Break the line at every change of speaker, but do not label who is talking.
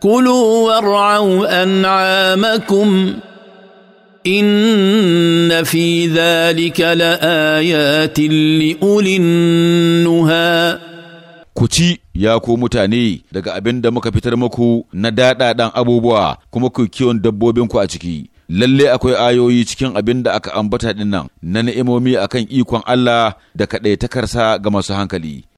كلوا وارعوا انعامكم ان في ذلك لايات لاولي النهى
ku ci ya ku mutane daga abin da muka fitar maku na daɗaɗan abubuwa kuma ku kiwon dabbobinku a ciki Lallai akwai ayoyi cikin abin da aka ambata dinnan na ni'imomi akan ikon Allah da kaɗaitakarsa ga
masu hankali